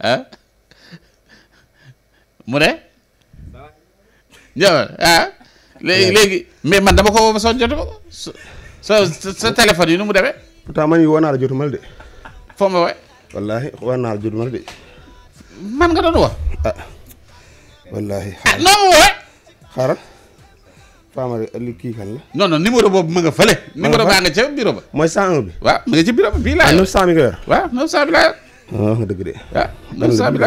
ah mu ne jawar ah léegi léegi mais man dama ko soon jotu ma ko sa sa téléphone yi nu mu demee pourtant man yi woo naa la ma la de man nga doon wax ah wallaahi ah ma nga fële. numéro baa nga ca bureau ba. mooy 101 bi. waaw ma nga ci bureau bi bii laa ah, yor. ah 900 nga yor. waaw 900 laa yor. wax dëgg de. ah loolu saa bi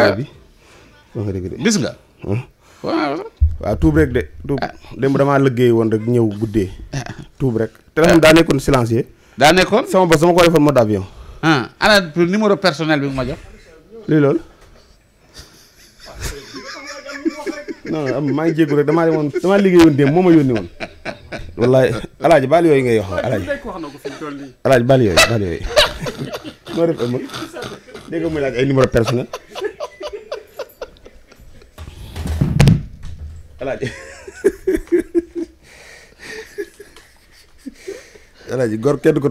waaw. tuub rek de. tuub ah. démb damaa liggéey woon rek ñëw guddee. Ah. tuub rek téléphone daa nekkoon silencieux. daa nekkoon sama bopp sama ko defoon mode avion. ah ana bi nga ma jox. lii loolu. non am maa ngi liggéeyoon démb moo ma yónni yooyu ngay wax alaaji alaaji baal yooyu baal yooyu. noo def ëmb. dégg muy laaj ay numéro personnel. alaaji alaaji kenn du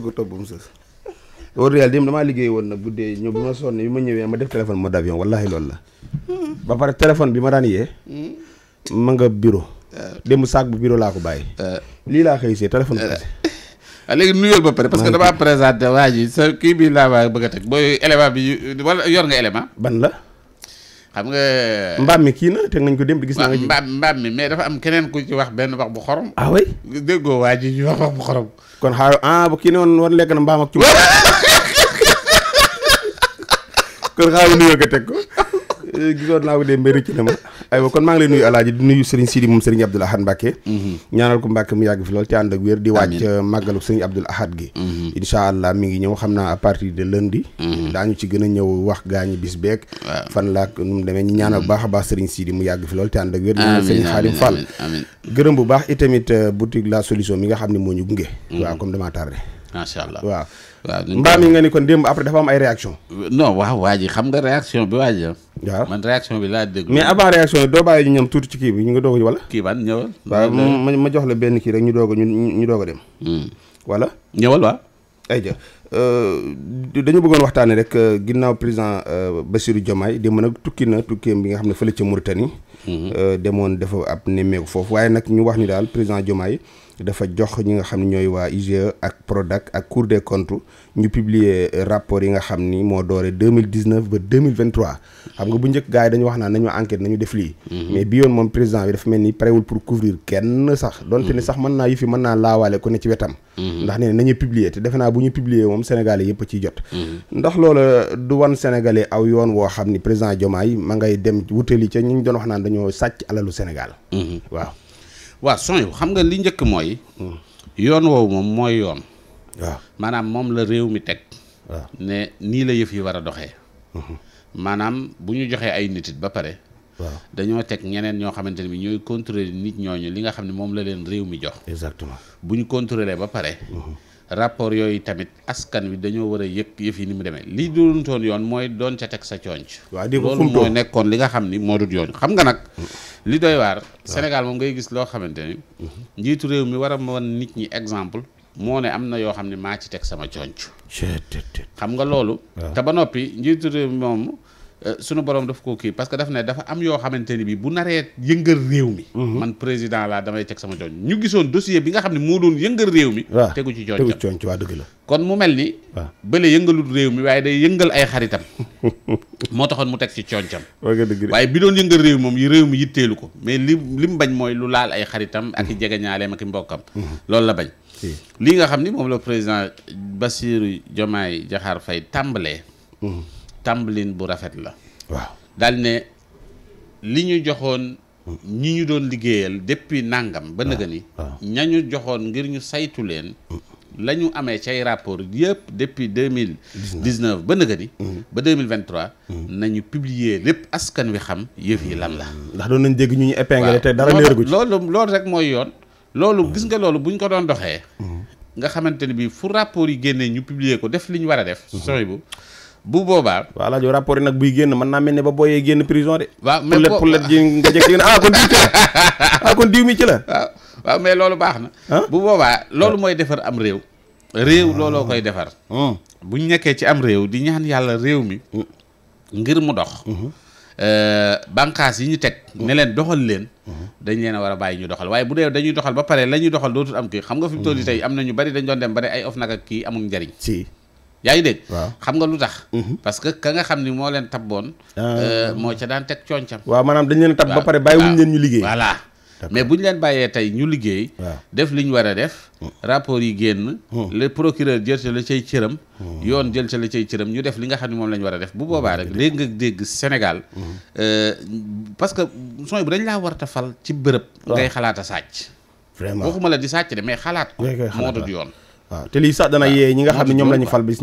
ko topp ba liggéey woon nag guddee ñëw ma sonn ma def téléphone mode avion wallaahi loolu la ba pare téléphone bi ma daan yee ma nga bureau eh. démb saak bu bureau laa ko bàyyi eh. lii laa xëy see téléphone waaw ah, léegi nuyoo ba pare parce que damaa présenté waa ji sa kii bi laa waa bëgg a teg booy élément bi wala yor nga élément. ban la. xam nga. mbaam mi kii nag teg nañ ko dem gis naa. mbaam mbaam mi mais dafa am keneen ku ci wax benn wax bu xorom. ah déggoo waa ji ñu wax wax bu xorom. kon xaaral ah bu kii ne woon lekk na mbaam ak ci. kon xaaral nuyoo ko teg ko eh, gisoon naa ko dem ba rëcc na ma. ay aywa kon maa ngi lay nuyu alaaji di nuyu Serigne Sidi moom Serigne Abdoul Ahad Mbacke mm-hmm. ñaanal ko Mbacke mu yàgg fi lool te ànd ak wér di wàcc uh, màggalu Serigne Abdoul Ahad gi mm-hmm. incha allah mi ngi ñëw xam naa à partir de daa mm-hmm. daañu ci gën a ñëw wax gaa ñi bis beeg fan laak nu mu demee ñu ñaanal bu baax a baax sii Sidi mu yàgg fi loolu te ànd ak wér ñaanal Serigne Xaalim Fall gërëm bu baax itamit uh, boutique la solution mi nga xam ne moo ñu gunge waaw comme damaa macha allah waaw. waaw mbaam yi nga ni kon démb après dafa am ay réaction non waaw waa ji xam nga réaction bi waa ji waaw man réaction bi laa déglu. mais avant réaction yi doo bàyyi ñu ñam tuuti ci kii bi ñu nga doog wala. kii ban ñëwal. waaw ma ma jox benn kii rek ñu doog a ñu ñu doog dem. Hmm. wala. ñëwal waaw. ay ja euh, dañu bëggoon waxtaanee rek euh, ginnaaw président euh, Bassirou Diomaye démb nag tukki na tukkeem bi nga xam ne fële ca Mauritanie. Mhm. Euh, demoon dafa ab nemmeeku foofu waaye nag ñu wax ni daal président Diomaye dafa jox ñi nga xam ne ñooy waa IGE ak Prodac ak Cour des comptes ñu publier rapport yi nga xam ni moo doore deux mille dix neuf ba deux mille vingt trois xam nga bu njëkk gars yi dañu wax naan nañu enquête nañu def lii. Mhm. mais bi yoon moom président bi dafa mel ni parewul pour couvrir kenn sax. donte ne mhm. sax mën naa yu fi mën naa laawaale ku ne ci wetam. ndax nee nañu publier te defe naa bu ñu publier moom sénégalais yëpp a dañoo sàcc alalu Sénégal. Mhm. waaw waaw son yu xam nga li njëkk mooy. Mhm. yoon woow moom mooy yoon. waaw maanaam moom la réew mi teg. ne nii la yëf yi war a doxee. Mhm. maanaam bu ñu joxee ay nit ba pare. dañoo teg ñeneen ñoo xamante ne bi ñooy contrôler nit ñooñu li nga xam ne moom la leen réew mi jox. exactement bu ñu contrôler ba pare. rapport yooyu tamit askan wi dañoo war a yëg yëf yi ni mu demee li doon yoon mooy doon ca teg sa coonc loolu mooy nekkoon li nga xam ni moo dut yoon xam nga nag li doy waar Sénégal moom ngay gis loo xamante ni mhm. njiitu réew mi war a mën nit ñi exemple moo ne am na yoo xam ne maa ci teg sama coonc xam nga loolu te ba noppi njiitu réew mi moom Euh, sunu borom daf koo kii parce que daf ne dafa am yoo xamante ni bi bu naree yëngal réew mi mhm. man président laa damay teg sama jooñ ñu gisoon dossier bi nga xam ne moo doon yëngal réew mi waaw tegu ci jooñ tegu ci jooñ waa dëgg la kon mu mel ni waaw yëngalul réew mi waaye day yëngal ay xaritam moo taxoon mu teg ci cooncam waaye bi doon réew moom yi réew mi yitteelu ko mais li li mu mooy lu laal ay xaritam ak i mhm. jegeñaaleem ak i mhm. loolu la bañ lii nga xam ni moom la président Bassirou Diomaye Diakhar Faye tàmbalee tàmbalin bu rafet la waaw daal ne li ñu joxoon ñi ñu doon liggéeyal depuis nàngam ba nëga ni ñu joxoon ngir ñu saytu leen mm. lañu amee cay rapport yëpp depuis deux mille dix neuf ba nëga ni mm. ba deux mille vingt trois mm. nañu publier lépp askan wi xam yëf yi lan la ndax doon nañ dégg ñu ñu épinglé te dara leeragu ci loolu loolu rek mooy yoon loolu gis nga loolu ñu ko doon doxee nga xamante ne bii fu rapport yi génnee ñu publier ko def li ñu war a def mm-hmm. bu boobaa. waaw laaj rapport yi nag buy génn mën naa mel ni ba booyee génn prison de. waaw mais poulet poulet ji ah, ah, diw mi ci la. waaw mais loolu baax na. Ah? bu boobaa loolu mooy defar am réew. réew looloo koy defar. Hmm. bu ñu nekkee ci am réew di ñaan yàlla réew mi. Hmm. ngir mu dox. Hmm. Euh, bànqaas yi ñu teg. ne leen doxal leen. dañ leen a war a bàyyi ñu doxal waaye bu dee dañuy doxal ba pare la ñuy doxal dootul am kii xam nga fi mu toll nii tey am na ñu bari dañ doon dem ba ne ay of nag ak kii amul njariñ si yaa ngi waaw xam nga lu tax mhm. parce que ka nga xam ni moo leen tab boon ah. euh, moo ca daan teg cooncam waaw maanaam dañ leen tab ba pare bàyyi wuñ leen ñu liggéey voilà mais bu ñu leen bàyyee tey ñu liggéey def li ñu war a def hmm. rapport yi génn hmm. le procureur jël ca la cay cëram hmm. yoon jël ca la cay cëram ñu def li nga xam ne moom la ñu war a def bu boobaa rek léegi nga dégg Sénégal euh, parce que sooy bu dañ laa war a fal ci bërëb ngay xalaat a sàcc vraiment waxuma la di sàcc de mais xalaat ko moo dut yoon waaw te lii sax yee ñi xam ne ñoom la ñu fal bis